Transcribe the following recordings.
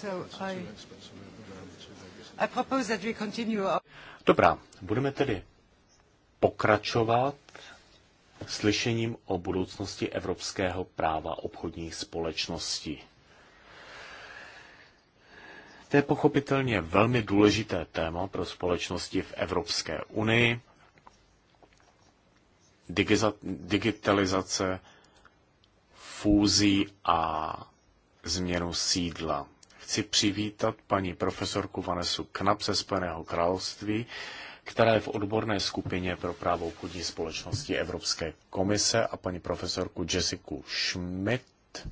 Okay. Dobrá, budeme tedy pokračovat slyšením o budoucnosti evropského práva obchodních společností. To je pochopitelně velmi důležité téma pro společnosti v Evropské unii. Digitalizace fúzí a změnu sídla. Chci přivítat paní profesorku Vanesu Knap ze Spojeného království, která je v odborné skupině pro právo obchodní společnosti Evropské komise a paní profesorku Jessica Schmidt,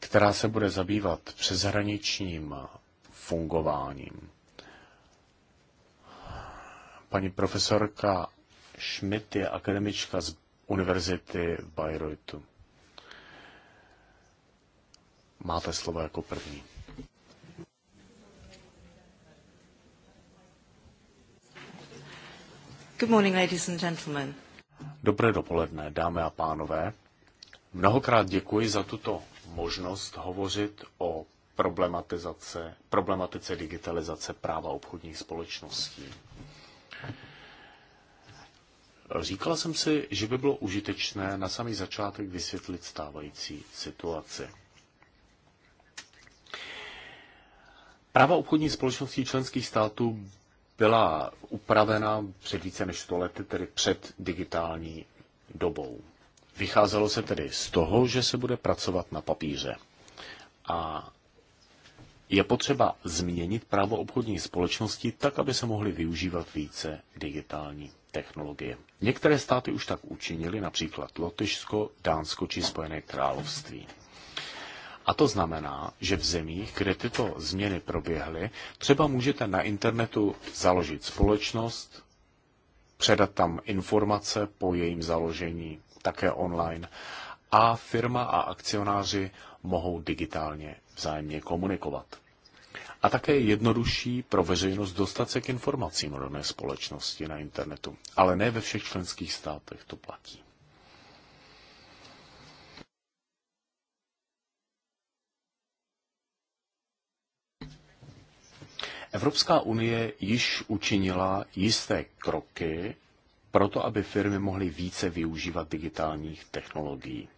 která se bude zabývat přeshraničním fungováním. Paní profesorka Schmidt je akademička z univerzity v Bayreuthu. Máte slovo jako první. Good morning, ladies and gentlemen. Dobré dopoledne, dámy a pánové. Mnohokrát děkuji za tuto možnost hovořit o problematice digitalizace práva obchodních společností. Říkala jsem si, že by bylo užitečné na samý začátek vysvětlit stávající situaci. Práva obchodní společností členských států byla upravena před více než 100 lety, tedy před digitální dobou. Vycházelo se tedy z toho, že se bude pracovat na papíře. A je potřeba změnit právo obchodních společností tak, aby se mohly využívat více digitální technologie. Některé státy už tak učinili, například Lotyšsko, Dánsko či Spojené království. A to znamená, že v zemích, kde tyto změny proběhly, třeba můžete na internetu založit společnost, předat tam informace po jejím založení, také online, a firma a akcionáři mohou digitálně vzájemně komunikovat a také jednodušší pro veřejnost dostat se k informacím rodné společnosti na internetu. Ale ne ve všech členských státech to platí. Evropská unie již učinila jisté kroky proto, aby firmy mohly více využívat digitálních technologií.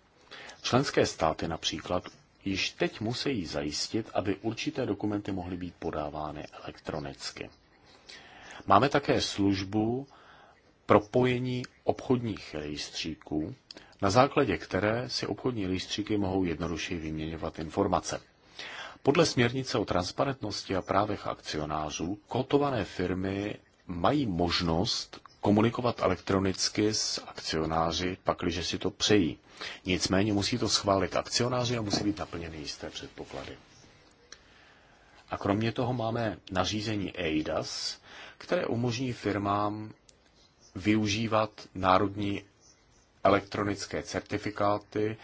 Členské státy například již teď musí zajistit, aby určité dokumenty mohly být podávány elektronicky. Máme také službu propojení obchodních rejstříků, na základě které si obchodní rejstříky mohou jednodušeji vyměňovat informace. Podle směrnice o transparentnosti a právech akcionářů kotované firmy mají možnost komunikovat elektronicky s akcionáři, pakliže si to přejí. Nicméně musí to schválit akcionáři a musí být naplněny jisté předpoklady. A kromě toho máme nařízení EIDAS, které umožní firmám využívat národní elektronické certifikáty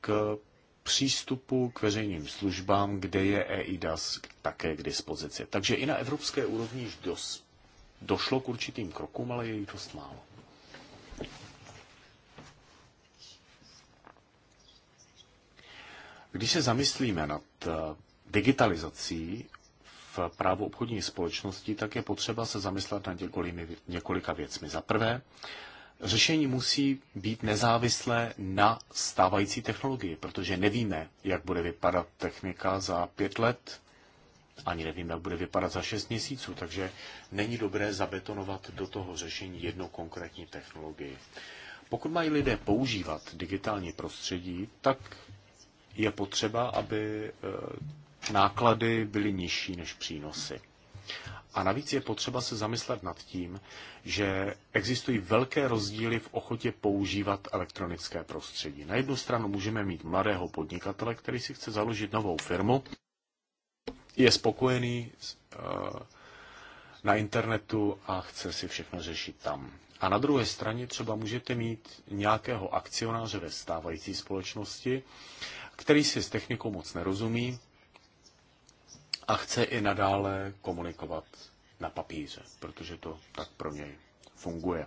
k přístupu k veřejným službám, kde je EIDAS také k dispozici. Takže i na evropské úrovni již dos, došlo k určitým krokům, ale je jich dost málo. Když se zamyslíme nad eh, digitalizací v právu obchodní společnosti, tak je potřeba se zamyslet nad několika věcmi. Za prvé, řešení musí být nezávislé na stávající technologii, protože nevíme, jak bude vypadat technika za pět let, ani nevím, jak bude vypadat za 6 měsíců, takže není dobré zabetonovat do toho řešení jednu konkrétní technologii. Pokud mají lidé používat digitální prostředí, tak je potřeba, aby eh, náklady byly nižší než přínosy. A navíc je potřeba se zamyslet nad tím, že existují velké rozdíly v ochotě používat elektronické prostředí. Na jednu stranu můžeme mít mladého podnikatele, který si chce založit novou firmu, je spokojený eh, na internetu a chce si všechno řešit tam. A na druhé straně třeba můžete mít nějakého akcionáře ve stávající společnosti, který si s technikou moc nerozumí a chce i nadále komunikovat na papíře, protože to tak pro něj funguje.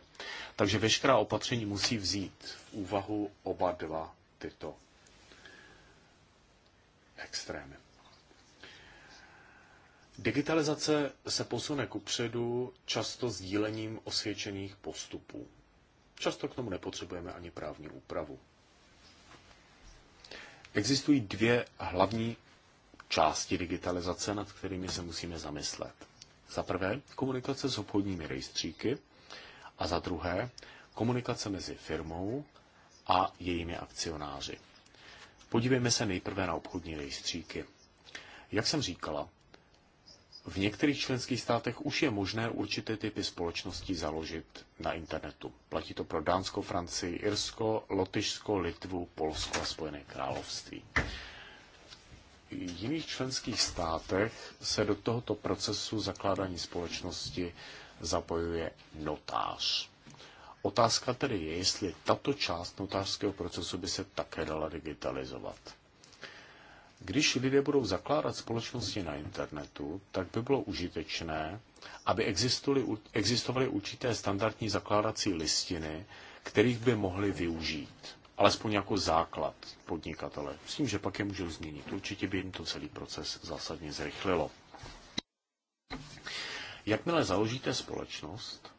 Takže veškerá opatření musí vzít v úvahu oba dva tyto extrémy. Digitalizace se posune kupředu často sdílením osvědčených postupů. Často k tomu nepotřebujeme ani právní úpravu. Existují dvě hlavní části digitalizace, nad kterými se musíme zamyslet. Za prvé, komunikace s obchodními rejstříky a za druhé, komunikace mezi firmou a jejími akcionáři. Podívejme se nejprve na obchodní rejstříky. Jak jsem říkala, v některých členských státech už je možné určité typy společností založit na internetu. Platí to pro Dánsko, Francii, Irsko, Lotyšsko, Litvu, Polsko a Spojené království. V jiných členských státech se do tohoto procesu zakládání společnosti zapojuje notář. Otázka tedy je, jestli tato část notářského procesu by se také dala digitalizovat. Když lidé budou zakládat společnosti na internetu, tak by bylo užitečné, aby existovaly určité standardní zakládací listiny, kterých by mohli využít, alespoň jako základ podnikatele. S tím, že pak je můžou změnit. Určitě by jim to celý proces zásadně zrychlilo. Jakmile založíte společnost,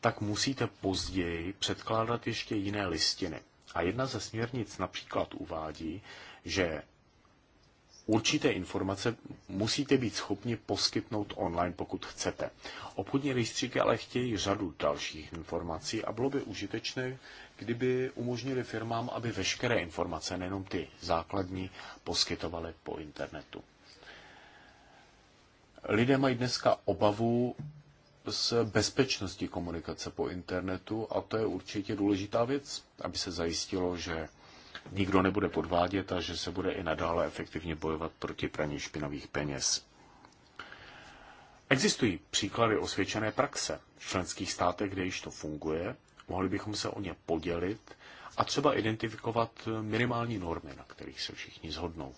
tak musíte později předkládat ještě jiné listiny. A jedna ze směrnic například uvádí, že určité informace musíte být schopni poskytnout online, pokud chcete. Obchodní rejstříky ale chtějí řadu dalších informací a bylo by užitečné, kdyby umožnili firmám, aby veškeré informace, nejenom ty základní, poskytovaly po internetu. Lidé mají dneska obavu z bezpečnosti komunikace po internetu a to je určitě důležitá věc, aby se zajistilo, že nikdo nebude podvádět a že se bude i nadále efektivně bojovat proti praní špinavých peněz. Existují příklady osvědčené praxe v členských státech, kde již to funguje, mohli bychom se o ně podělit a třeba identifikovat minimální normy, na kterých se všichni zhodnou.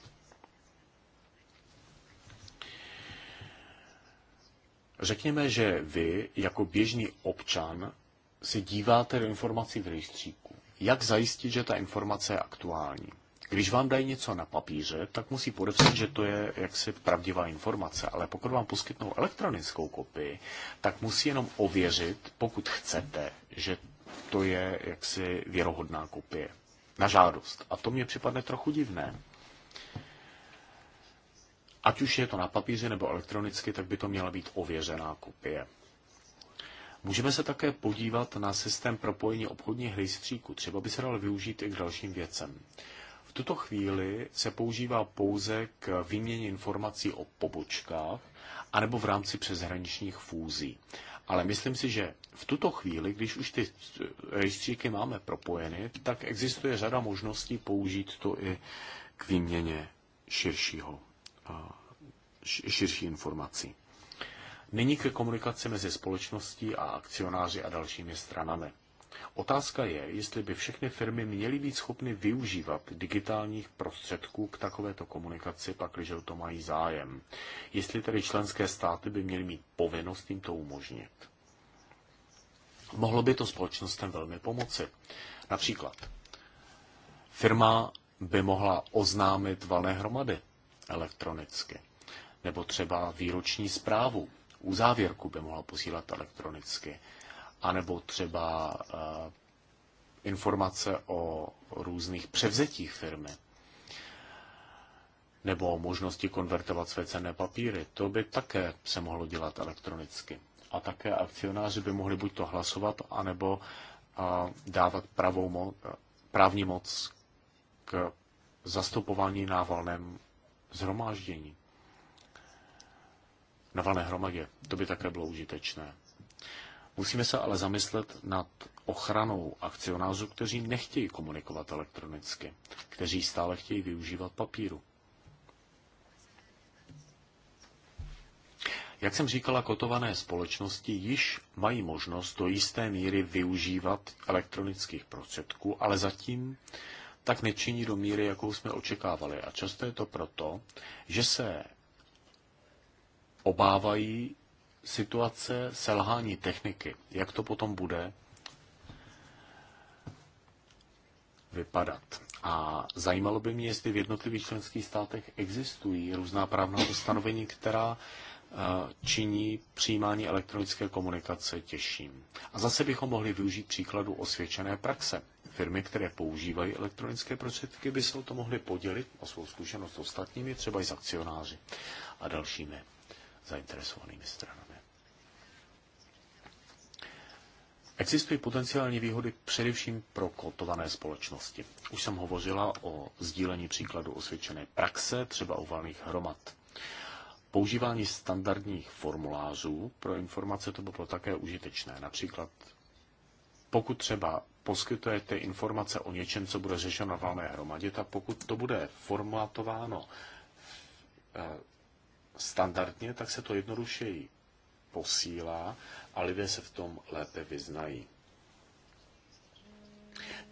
Řekněme, že vy jako běžný občan se díváte do informací v rejstříku jak zajistit, že ta informace je aktuální. Když vám dají něco na papíře, tak musí podepsat, že to je jaksi pravdivá informace, ale pokud vám poskytnou elektronickou kopii, tak musí jenom ověřit, pokud chcete, že to je jaksi věrohodná kopie. Na žádost. A to mě připadne trochu divné. Ať už je to na papíře nebo elektronicky, tak by to měla být ověřená kopie. Můžeme se také podívat na systém propojení obchodních rejstříků. Třeba by se dal využít i k dalším věcem. V tuto chvíli se používá pouze k výměně informací o pobočkách anebo v rámci přeshraničních fúzí. Ale myslím si, že v tuto chvíli, když už ty rejstříky máme propojeny, tak existuje řada možností použít to i k výměně širšího, širší informací. Nyní ke komunikaci mezi společností a akcionáři a dalšími stranami. Otázka je, jestli by všechny firmy měly být schopny využívat digitálních prostředků k takovéto komunikaci, pakliže o to mají zájem. Jestli tedy členské státy by měly mít povinnost jim to umožnit. Mohlo by to společnostem velmi pomoci. Například firma by mohla oznámit valné hromady elektronicky, nebo třeba výroční zprávu uzávěrku by mohla posílat elektronicky. A nebo třeba eh, informace o různých převzetích firmy nebo o možnosti konvertovat své cenné papíry. To by také se mohlo dělat elektronicky. A také akcionáři by mohli buď to hlasovat, anebo a, eh, dávat pravou mo- právní moc k zastupování na valném zhromáždění na valné hromadě. To by také bylo užitečné. Musíme se ale zamyslet nad ochranou akcionářů, kteří nechtějí komunikovat elektronicky, kteří stále chtějí využívat papíru. Jak jsem říkala, kotované společnosti již mají možnost do jisté míry využívat elektronických prostředků, ale zatím tak nečiní do míry, jakou jsme očekávali. A často je to proto, že se obávají situace selhání techniky. Jak to potom bude vypadat? A zajímalo by mě, jestli v jednotlivých členských státech existují různá právná ustanovení, která eh, činí přijímání elektronické komunikace těžším. A zase bychom mohli využít příkladu osvědčené praxe. Firmy, které používají elektronické prostředky, by se o to mohly podělit o svou zkušenost s ostatními, třeba i s akcionáři a dalšími zainteresovanými stranami. Existují potenciální výhody především pro kotované společnosti. Už jsem hovořila o sdílení příkladu osvědčené praxe, třeba u valných hromad. Používání standardních formulářů pro informace to by bylo také užitečné. Například pokud třeba poskytujete informace o něčem, co bude řešeno na valné hromadě, tak pokud to bude formulatováno standardně, tak se to jednodušeji posílá a lidé se v tom lépe vyznají.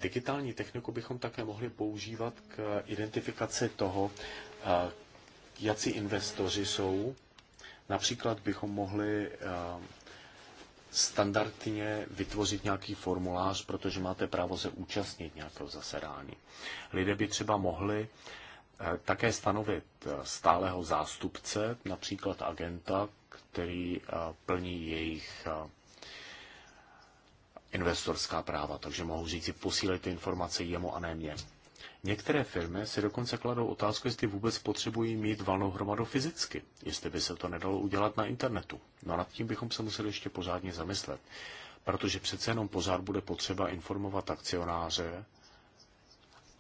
Digitální techniku bychom také mohli používat k identifikaci toho, jaký investoři jsou. Například bychom mohli standardně vytvořit nějaký formulář, protože máte právo se účastnit nějakého zasedání. Lidé by třeba mohli také stanovit stálého zástupce, například agenta, který eh, plní jejich eh, investorská práva, takže mohu říci, posílejte informace jemu a ne mě. Některé firmy si dokonce kladou otázku, jestli vůbec potřebují mít valnou hromadu fyzicky, jestli by se to nedalo udělat na internetu. No nad tím bychom se museli ještě pořádně zamyslet, protože přece jenom pořád bude potřeba informovat akcionáře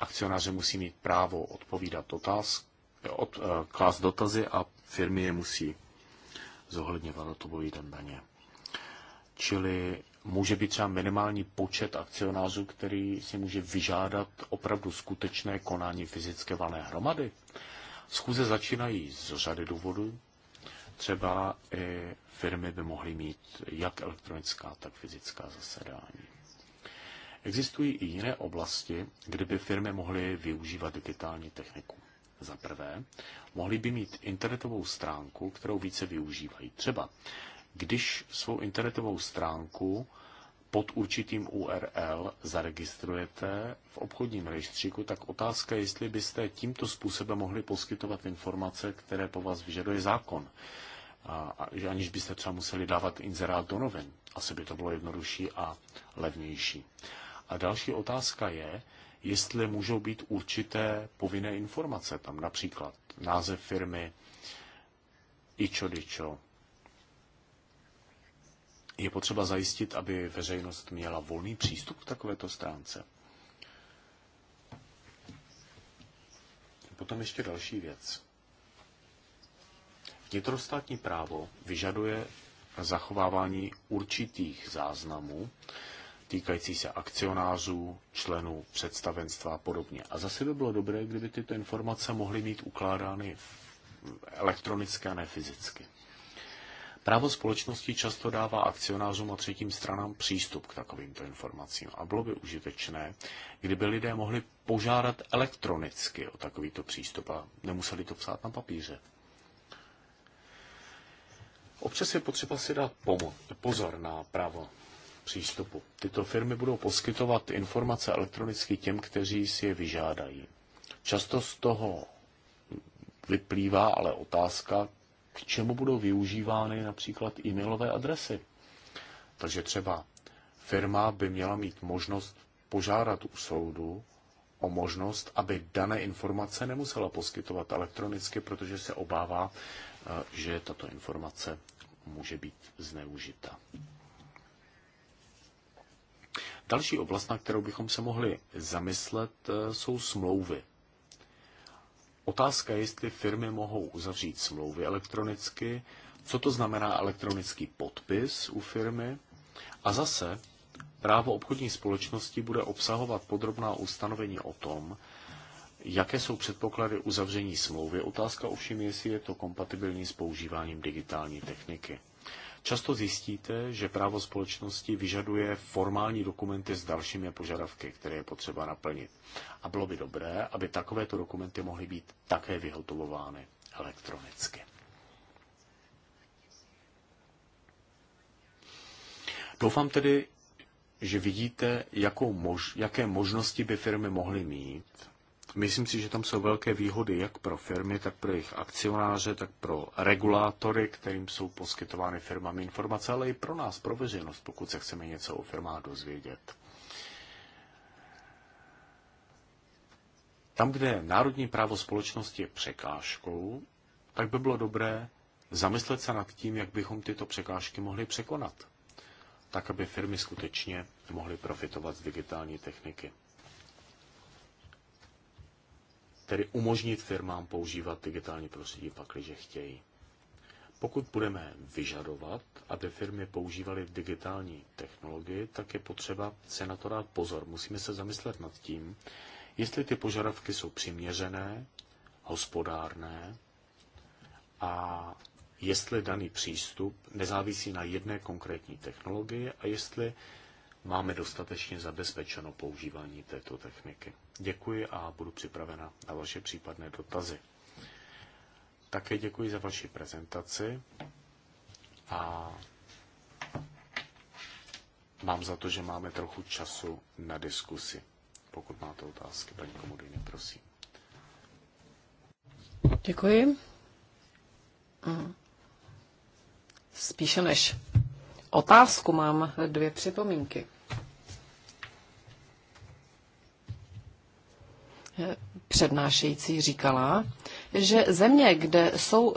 akcionáři musí mít právo odpovídat dotaz, od, eh, klást dotazy a firmy je musí zohledňovat na to bojí daně. Čili může být třeba minimální počet akcionářů, který si může vyžádat opravdu skutečné konání fyzické valné hromady. Schůze začínají z řady důvodů. Třeba i firmy by mohly mít jak elektronická, tak fyzická zasedání. Existují i jiné oblasti, kde by firmy mohly využívat digitální techniku. Za prvé, mohly by mít internetovou stránku, kterou více využívají. Třeba, když svou internetovou stránku pod určitým URL zaregistrujete v obchodním rejstříku, tak otázka je, jestli byste tímto způsobem mohli poskytovat informace, které po vás vyžaduje zákon. A, a, že aniž byste třeba museli dávat inzerát do novin. Asi by to bylo jednodušší a levnější. A další otázka je, jestli můžou být určité povinné informace, tam například název firmy, ičo dičo. Je potřeba zajistit, aby veřejnost měla volný přístup k takovéto stránce. Potom ještě další věc. Vnitrostátní právo vyžaduje zachovávání určitých záznamů, týkající se akcionářů, členů představenstva a podobně. A zase by bylo dobré, kdyby tyto informace mohly mít ukládány elektronicky a ne fyzicky. Právo společnosti často dává akcionářům a třetím stranám přístup k takovýmto informacím a bylo by užitečné, kdyby lidé mohli požádat elektronicky o takovýto přístup a nemuseli to psát na papíře. Občas je potřeba si dát pomo- pozor na právo přístupu. Tyto firmy budou poskytovat informace elektronicky těm, kteří si je vyžádají. Často z toho vyplývá ale otázka, k čemu budou využívány například e-mailové adresy. Takže třeba firma by měla mít možnost požádat u soudu o možnost, aby dané informace nemusela poskytovat elektronicky, protože se obává, eh, že tato informace může být zneužita. Další oblast, na kterou bychom se mohli zamyslet, eh, jsou smlouvy. Otázka je, jestli firmy mohou uzavřít smlouvy elektronicky, co to znamená elektronický podpis u firmy. A zase právo obchodní společnosti bude obsahovat podrobná ustanovení o tom, jaké jsou předpoklady uzavření smlouvy. Otázka ovšem je, jestli je to kompatibilní s používáním digitální techniky. Často zjistíte, že právo společnosti vyžaduje formální dokumenty s dalšími požadavky, které je potřeba naplnit. A bylo by dobré, aby takovéto dokumenty mohly být také vyhotovovány elektronicky. Doufám tedy, že vidíte, jakou mož, jaké možnosti by firmy mohly mít Myslím si, že tam jsou velké výhody jak pro firmy, tak pro jejich akcionáře, tak pro regulátory, kterým jsou poskytovány firmami informace, ale i pro nás, pro veřejnost, pokud se chceme něco o firmách dozvědět. Tam, kde národní právo společnosti je překážkou, tak by bylo dobré zamyslet se nad tím, jak bychom tyto překážky mohli překonat, tak aby firmy skutečně mohly profitovat z digitální techniky tedy umožnit firmám používat digitální prostředí pakliže chtějí. Pokud budeme vyžadovat, aby firmy používaly digitální technologii, tak je potřeba se na to dát pozor. Musíme se zamyslet nad tím, jestli ty požadavky jsou přiměřené, hospodárné a jestli daný přístup nezávisí na jedné konkrétní technologii a jestli máme dostatečně zabezpečeno používání této techniky. Děkuji a budu připravena na vaše případné dotazy. Také děkuji za vaši prezentaci a mám za to, že máme trochu času na diskusi. Pokud máte otázky, paní Komodyně, prosím. Děkuji. Mm. Spíše než otázku, mám dvě připomínky. přednášející říkala, že země, kde jsou,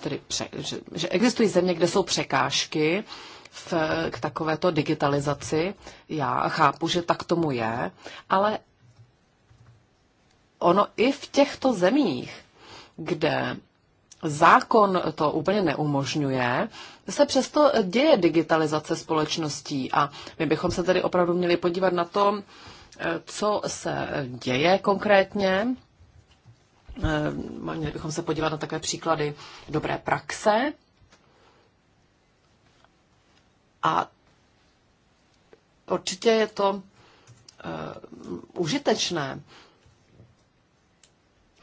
tedy pře, že, že existují země, kde jsou překážky v, k takovéto digitalizaci, já chápu, že tak tomu je, ale ono i v těchto zemích, kde zákon to úplně neumožňuje, se přesto děje digitalizace společností a my bychom se tedy opravdu měli podívat na to, co se děje konkrétně. Eh, měli bychom se podívat na takové příklady dobré praxe. A určitě je to uh, užitečné,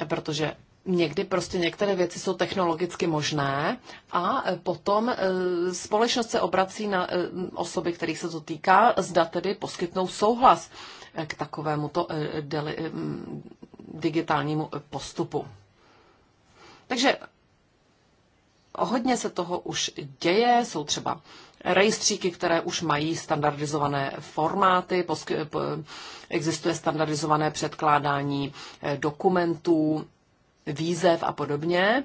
protože někdy prostě některé věci jsou technologicky možné a e, potom e, společnost se obrací na e, osoby, kterých se to týká, zda tedy poskytnou souhlas k takovému to digitálnímu postupu. Takže hodně se toho už děje, jsou třeba rejstříky, které už mají standardizované formáty, existuje standardizované předkládání dokumentů, výzev a podobně.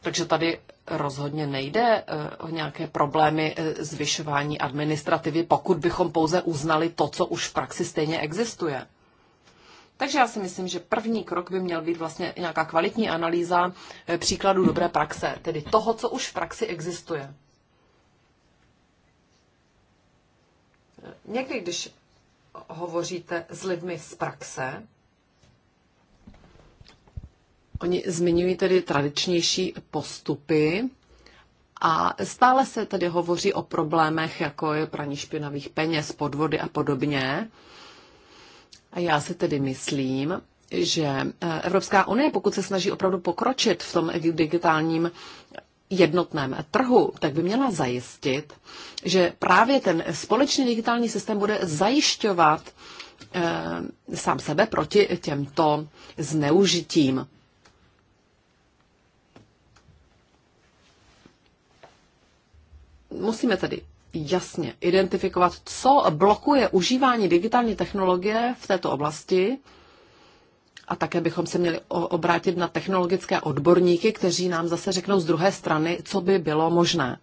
Takže tady rozhodně nejde eh, o nějaké problémy eh, zvyšování administrativy, pokud bychom pouze uznali to, co už v praxi stejně existuje. Takže já si myslím, že první krok by měl být vlastně nějaká kvalitní analýza eh, příkladů dobré praxe, tedy toho, co už v praxi existuje. Někdy, když hovoříte s lidmi z praxe, Oni zmiňují tedy tradičnější postupy a stále se tedy hovoří o problémech, jako je praní špinavých peněz, podvody a podobně. A já si tedy myslím, že Evropská unie, pokud se snaží opravdu pokročit v tom digitálním jednotném trhu, tak by měla zajistit, že právě ten společný digitální systém bude zajišťovat e, sám sebe proti těmto zneužitím. Musíme tedy jasně identifikovat, co blokuje užívání digitální technologie v této oblasti a také bychom se měli obrátit na technologické odborníky, kteří nám zase řeknou z druhé strany, co by bylo možné.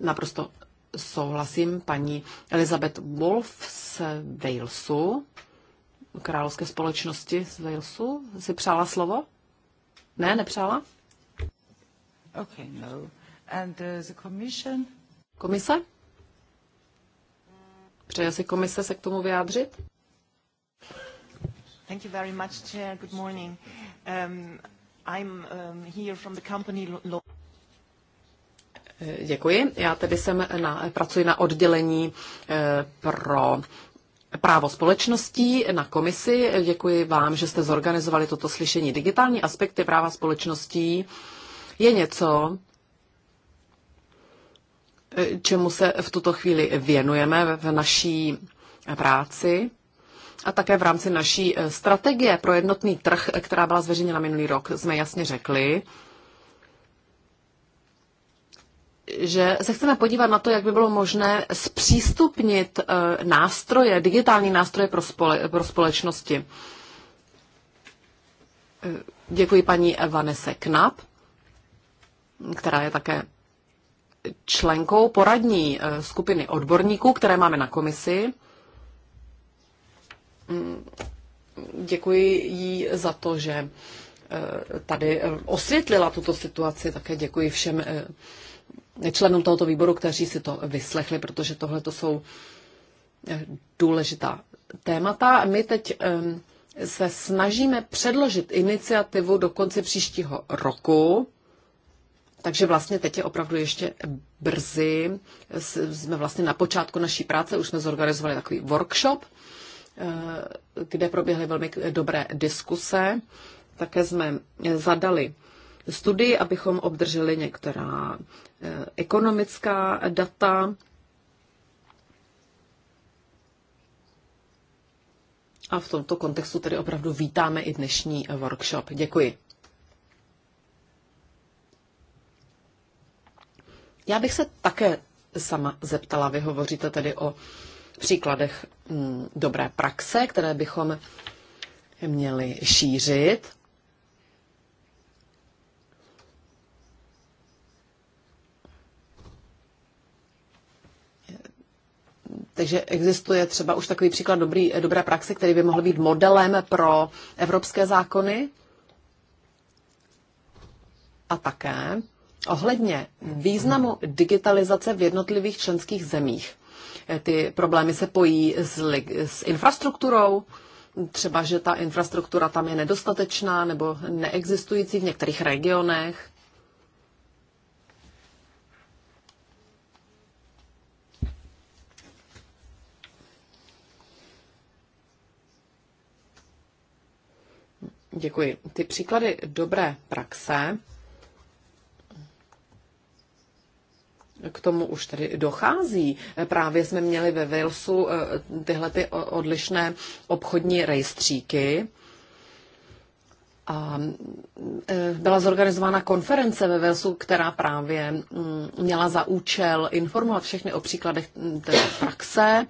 Naprosto souhlasím paní Elizabeth Wolf z Walesu, královské společnosti z Walesu. Si přála slovo? Ne, nepřála? Okay, no. And uh, the commission? Komise? Přeje si komise se k tomu vyjádřit? Thank you very much, Chair. Good morning. Um, I'm um, here from the company law. Děkuji. Já tedy jsem na, pracuji na oddělení eh, pro právo společností na komisi. Děkuji vám, že jste zorganizovali toto slyšení. Digitální aspekty práva společností je něco, čemu se v tuto chvíli věnujeme v naší práci a také v rámci naší eh, strategie pro jednotný trh, která byla zveřejněna minulý rok, jsme jasně řekli, že se chceme podívat na to, jak by bylo možné zpřístupnit eh, nástroje, digitální nástroje pro, spole, pro společnosti. Eh, děkuji paní Vanese Knap, která je také členkou poradní eh, skupiny odborníků, které máme na komisi. Mm, děkuji jí za to, že eh, tady eh, osvětlila tuto situaci. Také děkuji všem členům tohoto výboru, kteří si to vyslechli, protože tohle to jsou důležitá témata. My teď se snažíme předložit iniciativu do konce příštího roku. Takže vlastně teď je opravdu ještě brzy. Jsme vlastně na počátku naší práce, už jsme zorganizovali takový workshop, eh, kde proběhly velmi dobré diskuse. Také jsme eh, zadali studii, abychom obdrželi některá eh, ekonomická data. A v tomto kontextu tedy opravdu vítáme i dnešní workshop. Děkuji. Já bych se také sama zeptala, vy hovoříte tedy o příkladech mm, dobré praxe, které bychom měli šířit. Takže existuje třeba už takový příklad dobrý, dobré praxe, který by mohl být modelem pro evropské zákony. A také ohledně významu digitalizace v jednotlivých členských zemích. Eh, ty problémy se pojí s, s infrastrukturou, třeba, že ta infrastruktura tam je nedostatečná nebo neexistující v některých regionech. Děkuji. Ty příklady dobré praxe K tomu už tedy dochází. Právě jsme měli ve Walesu eh, tyhle ty odlišné obchodní rejstříky. A eh, byla zorganizována konference ve Velsu, která právě mm, měla za účel informovat všechny o příkladech mm, té praxe.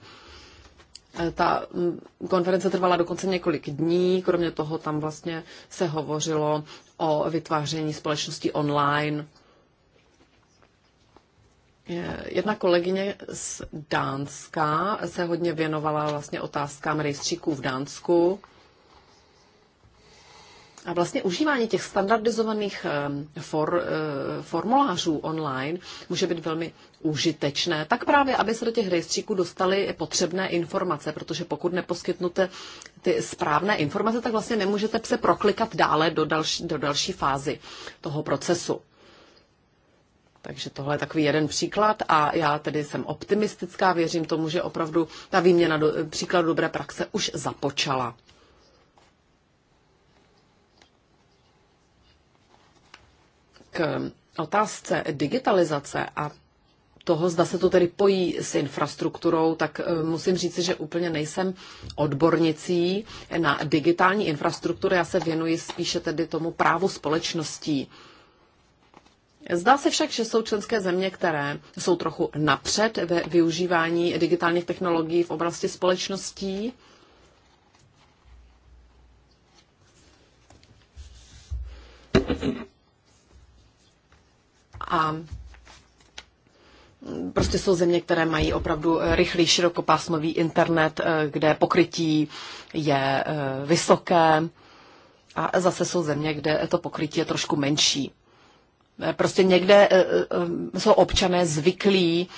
Eh, ta mm, konference trvala dokonce několik dní, kromě toho tam vlastně se hovořilo o vytváření společnosti online Eh, jedna kolegyně z Dánska se hodně věnovala vlastně otázkám rejstříků v Dánsku. A vlastně užívání těch standardizovaných eh, for, eh, formulářů online může být velmi užitečné, tak právě, aby se do těch rejstříků dostaly potřebné informace, protože pokud neposkytnete ty správné informace, tak vlastně nemůžete se proklikat dále do další, do další fázy toho procesu. Takže tohle je takový jeden příklad a já tedy jsem optimistická, věřím tomu, že opravdu ta výměna do, příkladu dobré praxe už započala. K otázce digitalizace a toho, zda se to tedy pojí s infrastrukturou, tak eh, musím říct, že úplně nejsem odbornicí na digitální infrastrukturu. Já se věnuji spíše tedy tomu právu společností. Zdá se však, že jsou členské země, které jsou trochu napřed ve využívání digitálních technologií v oblasti společností. A prostě jsou země, které mají opravdu eh, rychlý širokopásmový internet, eh, kde pokrytí je eh, vysoké. A zase jsou země, kde to pokrytí je trošku menší. Eh, prostě někde eh, eh, jsou občané zvyklí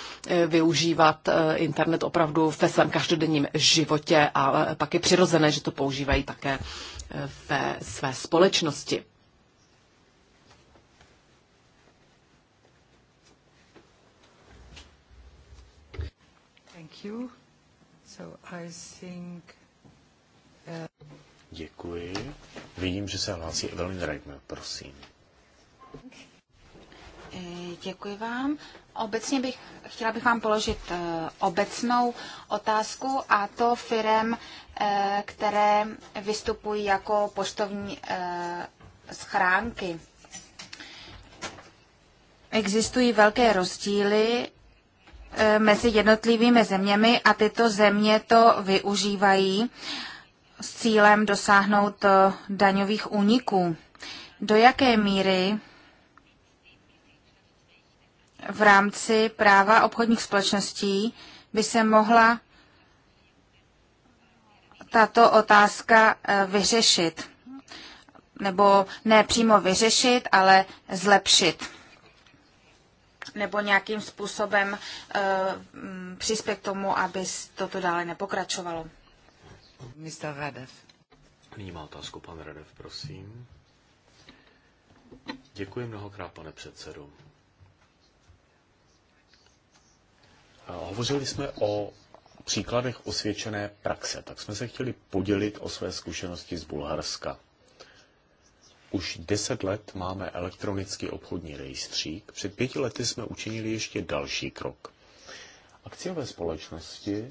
využívat internet opravdu ve svém každodenním životě a pak je přirozené, že to používají také ve své společnosti. Thank you. So I think, uh... Děkuji. Vidím, že se hlásí Evelyn Reitner, prosím. Eh, děkuji vám. Obecně bych chtěla bych vám položit eh, obecnou otázku a to firem, eh, které vystupují jako poštovní schránky. Existují velké rozdíly mezi jednotlivými zeměmi a tyto země to využívají s cílem dosáhnout daňových úniků. Do jaké míry v rámci práva obchodních společností by se mohla tato otázka eh, vyřešit. Nebo ne přímo vyřešit, ale zlepšit. Nebo nějakým způsobem uh, přispět k tomu, aby toto dále nepokračovalo. Mr. Radev. Nyní má otázku pan Radev, prosím. Děkuji mnohokrát, pane předsedo. Hovořili jsme o příkladech osvědčené praxe, tak jsme se chtěli podělit o své zkušenosti z Bulharska. Už deset let máme elektronický obchodní rejstřík. Před pěti lety jsme učinili ještě další krok. Akciové společnosti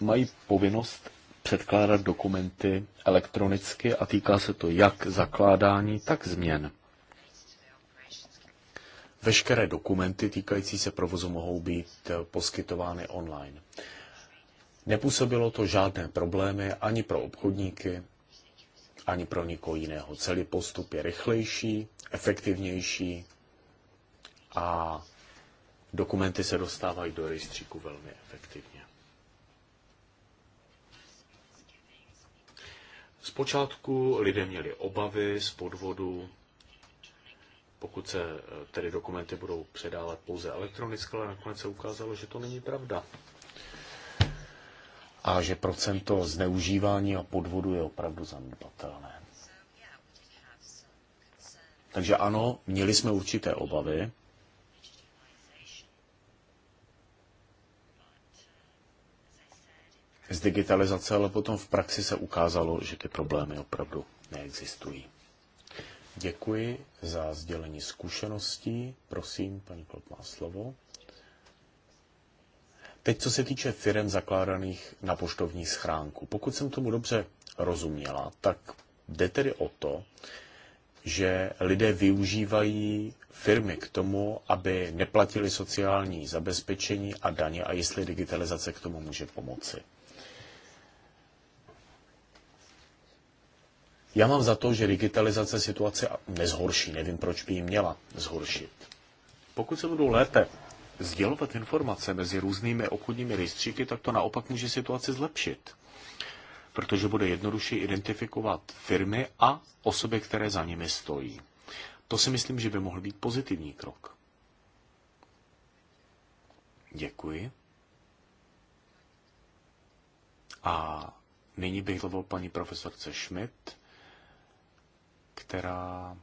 mají povinnost předkládat dokumenty elektronicky a týká se to jak zakládání, tak změn. Veškeré dokumenty týkající se provozu mohou být eh, poskytovány online. Nepůsobilo to žádné problémy ani pro obchodníky, ani pro nikoho jiného. Celý postup je rychlejší, efektivnější a dokumenty se dostávají do rejstříku velmi efektivně. Zpočátku lidé měli obavy z podvodu, pokud se eh, tedy dokumenty budou předávat pouze elektronicky, ale nakonec se ukázalo, že to není pravda. A že procento zneužívání a podvodu je opravdu zanedbatelné. Takže ano, měli jsme určité obavy. Z digitalizace, ale potom v praxi se ukázalo, že ty problémy opravdu neexistují. Děkuji za sdělení zkušeností. Prosím, paní Klop má slovo. Teď, co se týče firm zakládaných na poštovní schránku. Pokud jsem tomu dobře rozuměla, tak jde tedy o to, že lidé využívají firmy k tomu, aby neplatili sociální zabezpečení a daně a jestli digitalizace k tomu může pomoci. Já mám za to, že digitalizace situace nezhorší, nevím, proč by ji měla zhoršit. Pokud se budou lépe sdělovat informace mezi různými obchodními rejstříky, tak to naopak může situaci zlepšit, protože bude jednodušší identifikovat firmy a osoby, které za nimi stojí. To si myslím, že by mohl být pozitivní krok. Děkuji. A nyní bych hlavou paní profesorce Schmidt která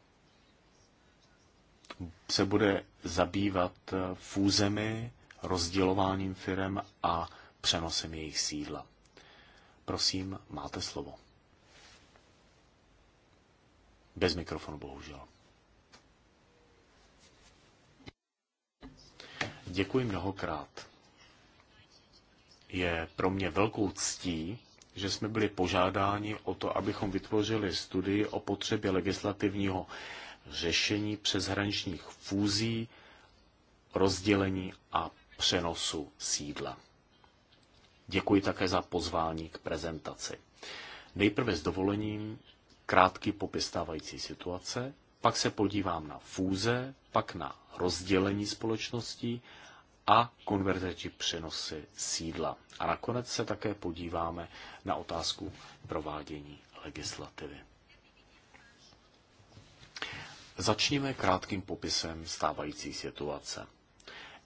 se bude zabývat fúzemi, rozdělováním firem a přenosem jejich sídla. Prosím, máte slovo. Bez mikrofonu, bohužel. Děkuji mnohokrát. Je pro mě velkou ctí že jsme byli požádáni o to, abychom vytvořili studii o potřebě legislativního řešení přeshraničních fúzí, rozdělení a přenosu sídla. Děkuji také za pozvání k prezentaci. Nejprve s dovolením krátký popis stávající situace, pak se podívám na fúze, pak na rozdělení společností a konverzeči přenosy sídla. A nakonec se také podíváme na otázku provádění legislativy. Začněme krátkým popisem stávající situace.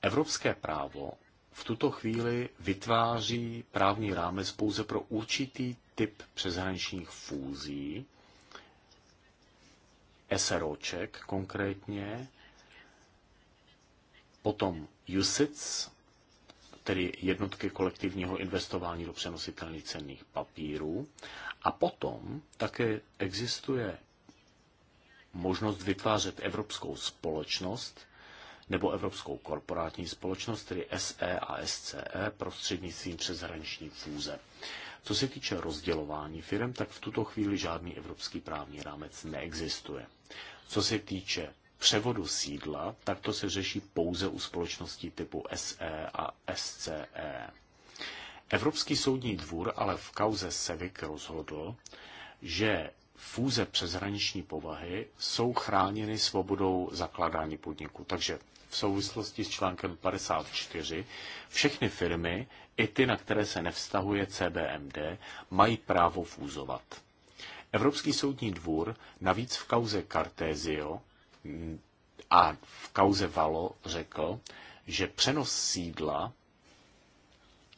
Evropské právo v tuto chvíli vytváří právní rámec pouze pro určitý typ přeshraničních fúzí, SROček konkrétně, Potom USITS, tedy jednotky kolektivního investování do přenositelných cenných papírů. A potom také existuje možnost vytvářet evropskou společnost nebo evropskou korporátní společnost, tedy SE a SCE, prostřednictvím přeshraniční fůze. Co se týče rozdělování firm, tak v tuto chvíli žádný evropský právní rámec neexistuje. Co se týče převodu sídla, tak to se řeší pouze u společností typu SE a SCE. Evropský soudní dvůr ale v kauze SEVIC rozhodl, že fúze přeshraniční povahy jsou chráněny svobodou zakládání podniku. Takže v souvislosti s článkem 54 všechny firmy, i ty, na které se nevztahuje CBMD, mají právo fúzovat. Evropský soudní dvůr navíc v kauze Cartesio a v kauze Valo řekl, že přenos sídla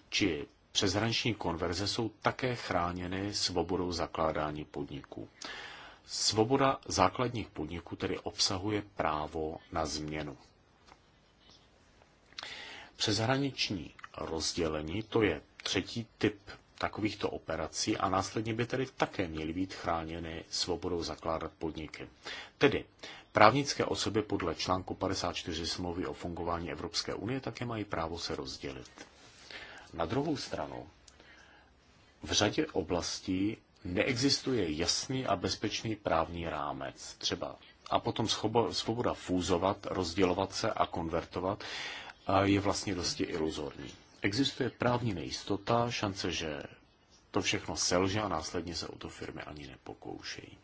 či přeshraniční konverze jsou také chráněny svobodou zakládání podniků. Svoboda základních podniků tedy obsahuje právo na změnu. Přeshraniční rozdělení to je třetí typ takovýchto operací a následně by tedy také měly být chráněny svobodou zakládat podniky. Tedy právnické osoby podle článku 54 smlouvy o fungování Evropské unie také mají právo se rozdělit. Na druhou stranu, v řadě oblastí neexistuje jasný a bezpečný právní rámec, třeba a potom svoboda fúzovat, rozdělovat se a konvertovat eh, je vlastně dosti iluzorní. Existuje právní nejistota, šance, že to všechno selže a následně se o to firmy ani nepokoušejí.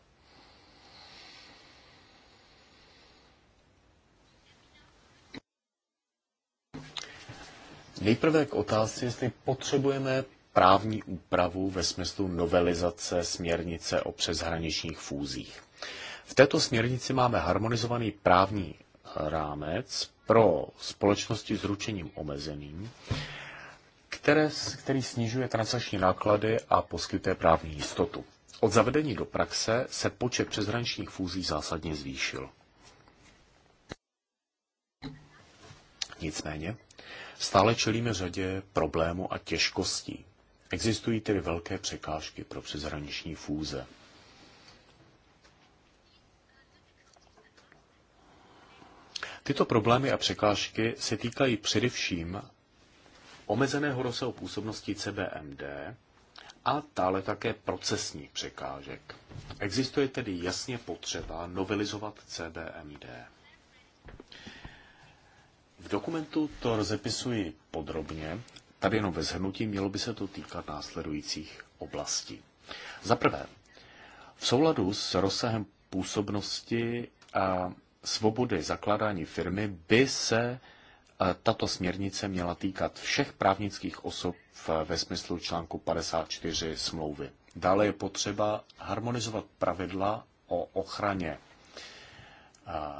Nejprve k otázce, jestli potřebujeme právní úpravu ve smyslu novelizace směrnice o přeshraničních fúzích. V této směrnici máme harmonizovaný právní rámec pro společnosti s ručením omezeným které, který snižuje transakční náklady a poskytuje právní jistotu. Od zavedení do praxe se počet přeshraničních fúzí zásadně zvýšil. Nicméně, stále čelíme řadě problémů a těžkostí. Existují tedy velké překážky pro přeshraniční fúze. Tyto problémy a překážky se týkají především omezeného rozsahu působnosti CBMD a dále také procesních překážek. Existuje tedy jasně potřeba novelizovat CBMD. V dokumentu to rozepisuji podrobně, tady jenom ve zhrnutí mělo by se to týkat následujících oblastí. Za prvé, v souladu s rozsahem působnosti a svobody zakládání firmy by se E, tato směrnice měla týkat všech právnických osob ve smyslu článku 54 smlouvy. Dále je potřeba harmonizovat pravidla o ochraně e,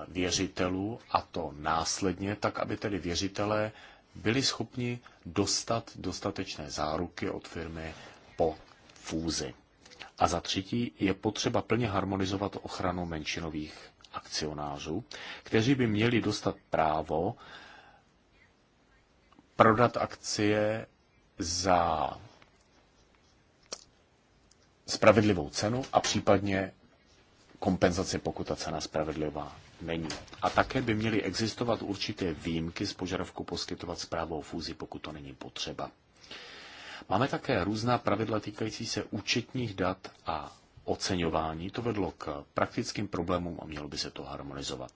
věřitelů a to následně, tak aby tedy věřitelé byli schopni dostat dostatečné záruky od firmy po fúzi. A za třetí je potřeba plně harmonizovat ochranu menšinových akcionářů, kteří by měli dostat právo prodat akcie za spravedlivou cenu a případně kompenzaci, pokud ta cena spravedlivá není. A také by měly existovat určité výjimky z požadavku poskytovat zprávu o fúzi, pokud to není potřeba. Máme také různá pravidla týkající se účetních dat a oceňování. To vedlo k praktickým problémům a mělo by se to harmonizovat.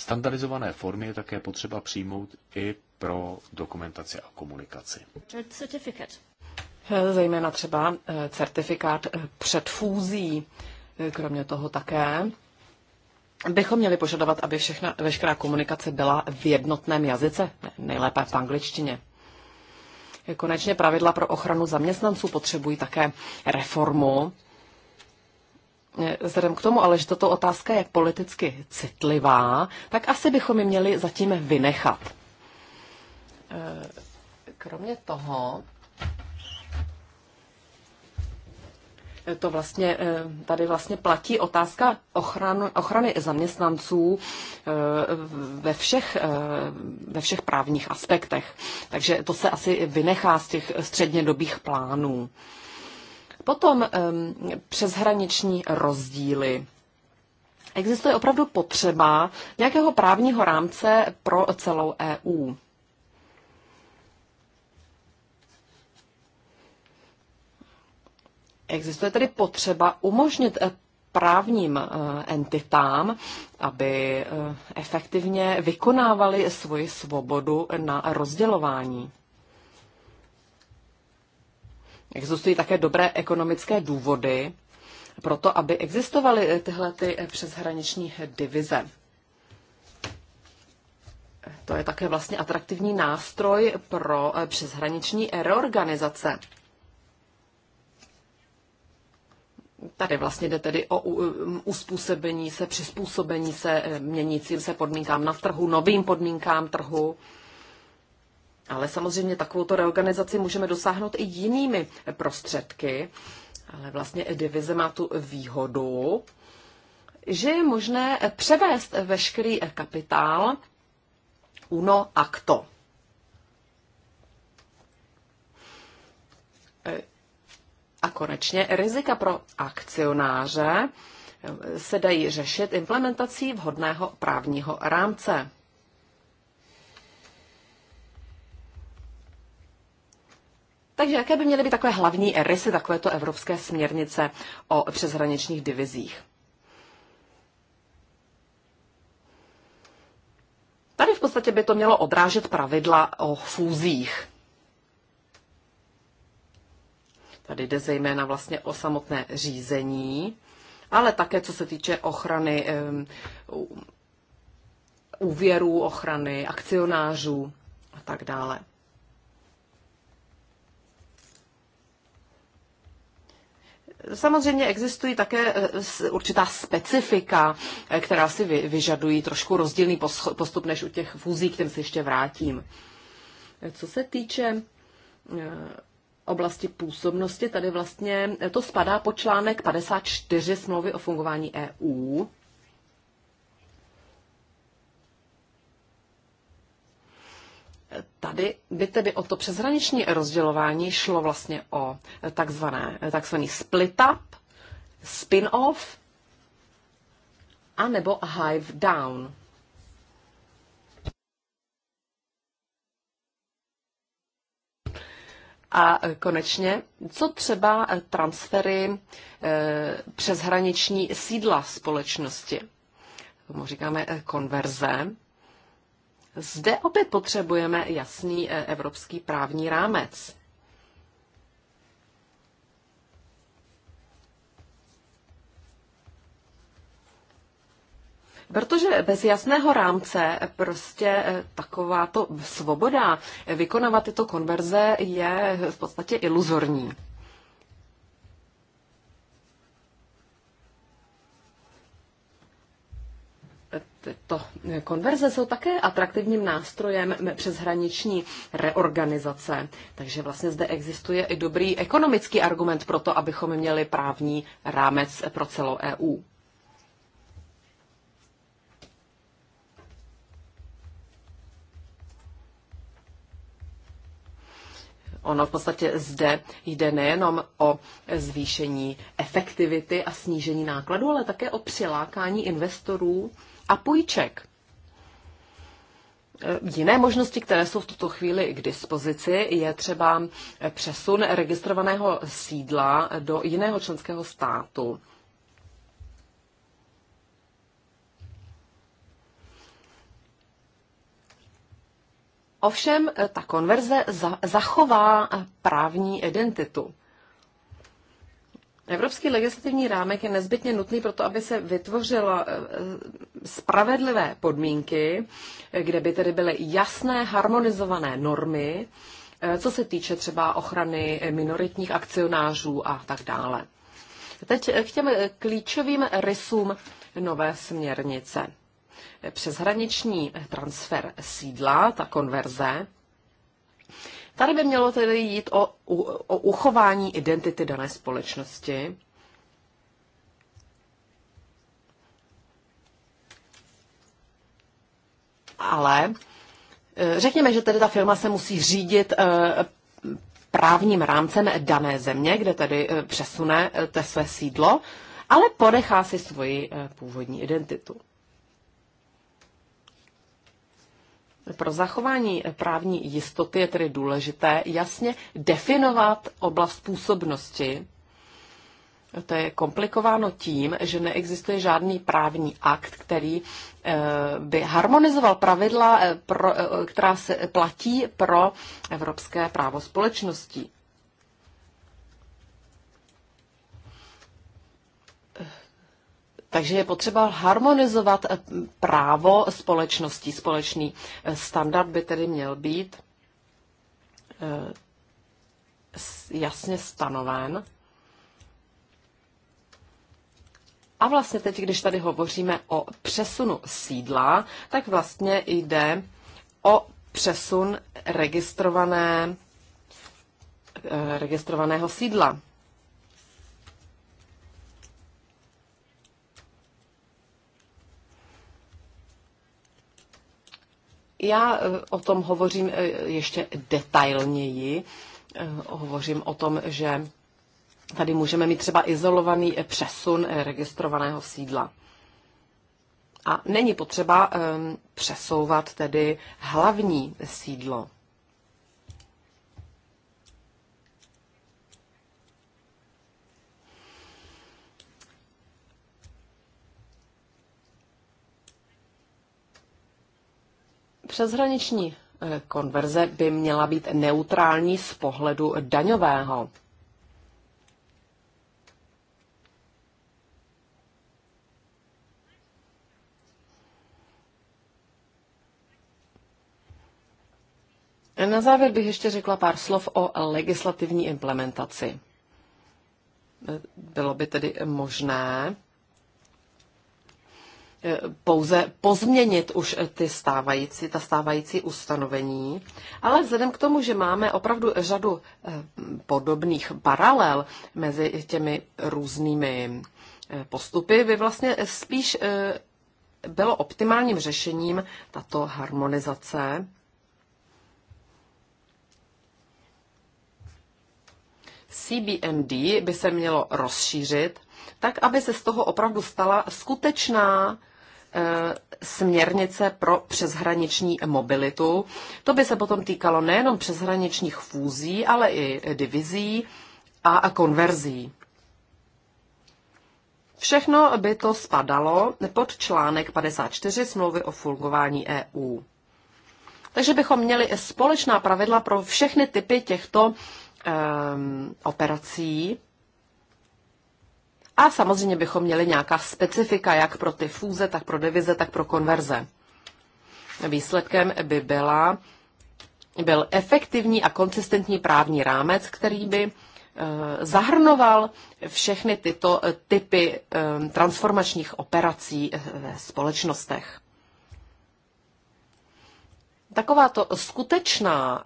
Standardizované formy je také potřeba přijmout i pro dokumentaci a komunikaci. Zejména třeba eh, certifikát eh, před fúzí, eh, kromě toho také bychom měli požadovat, aby všechna, veškerá komunikace byla v jednotném jazyce, nejlépe v angličtině. Konečně pravidla pro ochranu zaměstnanců potřebují také reformu. Eh, vzhledem k tomu, ale že tato otázka je politicky citlivá, tak asi bychom ji měli zatím vynechat. Eh, kromě toho, to vlastně, eh, tady vlastně platí otázka ochran, ochrany zaměstnanců ve všech, ve všech právních aspektech. Takže to se asi vynechá z těch střednědobých plánů. Potom přeshraniční rozdíly. Existuje opravdu potřeba nějakého právního rámce pro celou EU. Existuje tedy potřeba umožnit eh, právním eh, entitám, aby eh, efektivně vykonávali svoji svobodu na rozdělování. Existují také dobré ekonomické důvody pro to, aby existovaly eh, tyhle ty eh, přeshraniční eh, divize. To je také vlastně atraktivní nástroj pro přeshraniční reorganizace. Tady vlastně jde tedy o um, uspůsobení se, přizpůsobení se měnícím se podmínkám na trhu, novým podmínkám trhu. Ale samozřejmě takovouto reorganizaci můžeme dosáhnout i jinými prostředky. Ale vlastně divize má tu výhodu, že je možné převést veškerý kapitál UNO acto. A konečně rizika pro akcionáře se dají řešit implementací vhodného právního rámce. Takže jaké by měly být takové hlavní rysy takovéto evropské směrnice o přeshraničních divizích? Tady v podstatě by to mělo odrážet pravidla o fúzích. Tady jde zejména vlastně o samotné řízení, ale také co se týče ochrany úvěrů, ochrany akcionářů a tak dále. Samozřejmě existují také eh, určitá specifika, eh, která si vyžadují trošku rozdílný postup než u těch fúzí, k těm se ještě vrátím. Eh, co se týče oblasti působnosti, tady vlastně to spadá po článek 54 smlouvy o fungování EU. Tady by tedy o to přeshraniční rozdělování šlo vlastně o takzvané, takzvaný split-up, spin-off a nebo hive-down. A konečně, co třeba transfery eh, přeshraniční sídla společnosti? Tomu říkáme eh, konverze. Zde opět potřebujeme jasný e, evropský právní rámec. Protože bez jasného rámce prostě e, taková to svoboda vykonávat tyto konverze je v podstatě iluzorní. tyto konverze jsou také atraktivním nástrojem přeshraniční reorganizace. Takže vlastně zde existuje i dobrý ekonomický argument pro to, abychom měli právní rámec pro celou EU. Ono v podstatě zde jde nejenom o zvýšení efektivity a snížení nákladů, ale také o přilákání investorů a půjček. Eh, jiné možnosti, které jsou v tuto chvíli k dispozici, je třeba eh, přesun registrovaného sídla do jiného členského státu. Ovšem, eh, ta konverze zachová právní identitu. Evropský legislativní rámek je nezbytně nutný proto, aby se vytvořila eh, eh, spravedlivé podmínky, eh, kde by tedy byly jasné harmonizované normy, co se týče třeba ochrany minoritních akcionářů a tak dále. Teď k těm klíčovým rysům nové směrnice. Přeshraniční transfer sídla, ta konverze, Tady by mělo tedy jít o, o uchování identity dané společnosti. Ale eh, řekněme, že tedy ta firma se musí řídit eh, právním rámcem dané země, kde tedy eh, přesune te své sídlo, ale ponechá si svoji původní identitu. Pro zachování právní jistoty je tedy důležité jasně definovat oblast působnosti. To je komplikováno tím, že neexistuje žádný právní akt, který eh, by harmonizoval pravidla, eh, eh, která se platí pro evropské právo společností. Takže je potřeba harmonizovat eh, právo společnosti. Společný eh, standard by tedy měl být eh, jasně stanoven. A vlastně teď, když tady hovoříme o přesunu sídla, tak vlastně jde o přesun registrované, registrovaného sídla. Já eh, o tom hovořím eh, ještě detailněji. Eh, hovořím o tom, že tady můžeme mít třeba izolovaný přesun registrovaného sídla. A není potřeba ehm, přesouvat tedy hlavní sídlo. Přeshraniční eh, konverze by měla být neutrální z pohledu daňového. Na závěr bych ještě řekla pár slov o legislativní implementaci. Bylo by tedy možné pouze pozměnit už ty stávající, ta stávající ustanovení, ale vzhledem k tomu, že máme opravdu řadu eh, podobných paralel mezi těmi různými eh, postupy, by vlastně spíš eh, bylo optimálním řešením tato harmonizace. CBMD by se mělo rozšířit, tak aby se z toho opravdu stala skutečná E, směrnice pro přeshraniční mobilitu. To by se potom týkalo nejenom přeshraničních fúzí, ale i divizí a konverzí. Všechno by to spadalo pod článek 54 smlouvy o fungování EU. Takže bychom měli společná pravidla pro všechny typy těchto um, operací a samozřejmě bychom měli nějaká specifika, jak pro ty fůze, tak pro divize, tak pro konverze. Výsledkem by byla, byl efektivní a konsistentní právní rámec, který by eh, zahrnoval všechny tyto eh, typy eh, transformačních operací ve společnostech. Takováto skutečná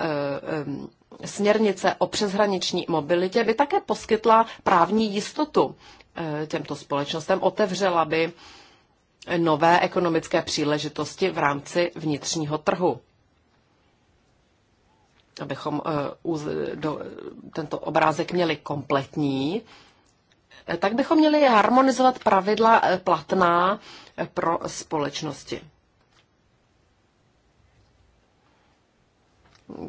směrnice o přeshraniční mobilitě by také poskytla právní jistotu Eh, těmto společnostem, otevřela by nové ekonomické příležitosti v rámci vnitřního trhu. Abychom eh, tento obrázek měli kompletní, eh, tak bychom měli harmonizovat pravidla platná pro společnosti.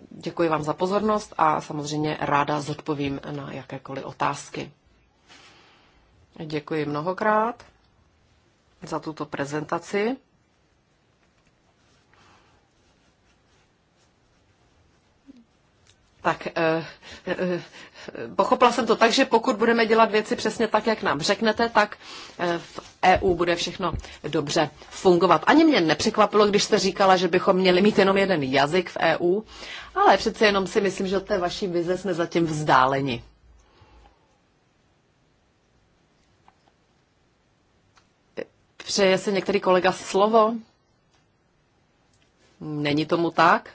Děkuji vám za pozornost a samozřejmě ráda zodpovím na jakékoliv otázky. Děkuji mnohokrát za tuto prezentaci. Tak eh, eh, pochopila jsem to tak, že pokud budeme dělat věci přesně tak, jak nám řeknete, tak eh, v EU bude všechno dobře fungovat. Ani mě nepřekvapilo, když jste říkala, že bychom měli mít jenom jeden jazyk v EU, ale přece jenom si myslím, že od té vaší vize jsme zatím vzdáleni. Přeje se některý kolega slovo? Není tomu tak?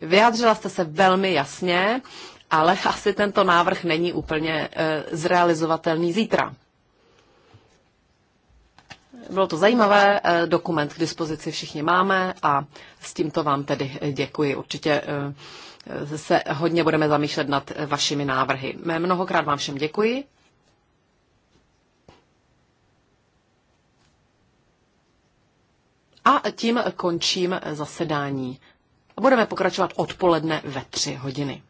Vyjádřila jste se velmi jasně, ale asi tento návrh není úplně eh, zrealizovatelný zítra. Bylo to zajímavé, eh, dokument k dispozici všichni máme a s tímto vám tedy eh, děkuji. Určitě se hodně budeme zamýšlet nad vašimi návrhy. Mnohokrát vám všem děkuji. A tím končím zasedání. Budeme pokračovat odpoledne ve tři hodiny.